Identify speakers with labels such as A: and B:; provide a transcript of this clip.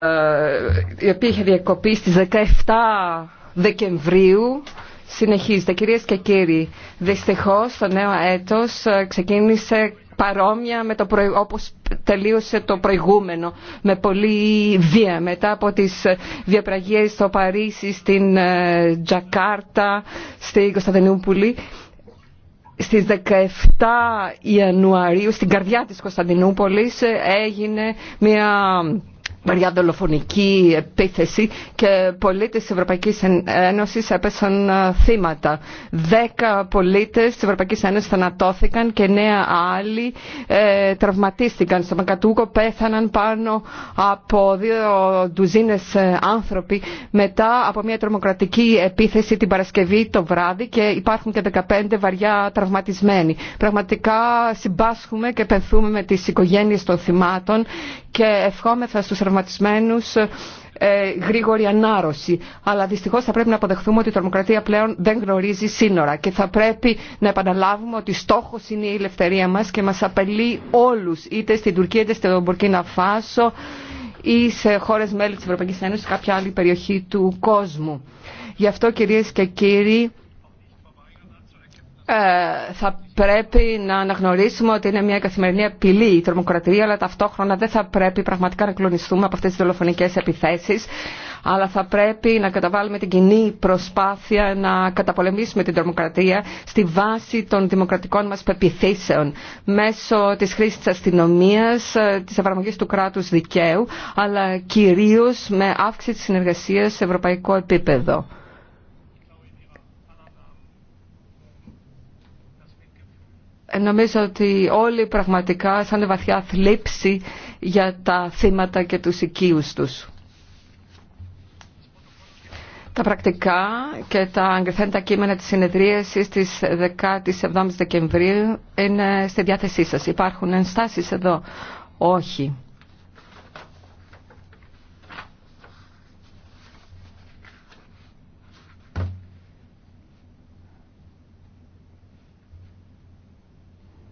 A: Ε, η οποία είχε διακοπεί στις 17 Δεκεμβρίου συνεχίζεται. Κυρίες και κύριοι, δυστυχώς το νέο έτος ε, ξεκίνησε παρόμοια με το όπως τελείωσε το προηγούμενο με πολύ βία μετά από τις διαπραγίες στο Παρίσι, στην ε, Τζακάρτα, στη Κωνσταντινούπολη στις 17 Ιανουαρίου στην καρδιά της Κωνσταντινούπολης έγινε μια βαριά δολοφονική επίθεση και πολίτες της Ευρωπαϊκής Ένωσης έπεσαν ε, θύματα. Δέκα πολίτες της Ευρωπαϊκής Ένωσης θανατώθηκαν και νέα άλλοι ε, τραυματίστηκαν. Στο Μακατούκο πέθαναν πάνω από δύο ντουζίνες ε, άνθρωποι μετά από μια τρομοκρατική επίθεση την Παρασκευή το βράδυ και υπάρχουν και 15 βαριά τραυματισμένοι. Πραγματικά συμπάσχουμε και πενθούμε με τις οικογένειες των θυμάτων και ευχόμεθα ε, γρήγορη ανάρρωση. Αλλά δυστυχώ θα πρέπει να αποδεχθούμε ότι η τρομοκρατία πλέον δεν γνωρίζει σύνορα και θα πρέπει να επαναλάβουμε ότι στόχο είναι η ελευθερία μα και μα απελεί όλου, είτε στην Τουρκία είτε στο Μπορκίνα Φάσο ή σε χώρε μέλη τη Ευρωπαϊκή Ένωση ή κάποια άλλη περιοχή του κόσμου. Γι' αυτό κυρίε και κύριοι, ε, θα πρέπει να αναγνωρίσουμε ότι είναι μια καθημερινή απειλή η τρομοκρατία, αλλά ταυτόχρονα δεν θα πρέπει πραγματικά να κλονιστούμε από αυτές τις δολοφονικές επιθέσεις, αλλά θα πρέπει να καταβάλουμε την κοινή προσπάθεια να καταπολεμήσουμε την τρομοκρατία στη βάση των δημοκρατικών μας πεπιθήσεων, μέσω της χρήσης της αστυνομίας, ε, της εφαρμογής του κράτους δικαίου, αλλά κυρίως με αύξηση της συνεργασίας σε ευρωπαϊκό επίπεδο. νομίζω ότι όλοι πραγματικά σαν βαθιά θλίψη για τα θύματα και τους οικείους τους. Τα πρακτικά και τα αγκριθέντα κείμενα της συνεδρίασης της 17ης Δεκεμβρίου είναι στη διάθεσή σας. Υπάρχουν ενστάσεις εδώ. Όχι.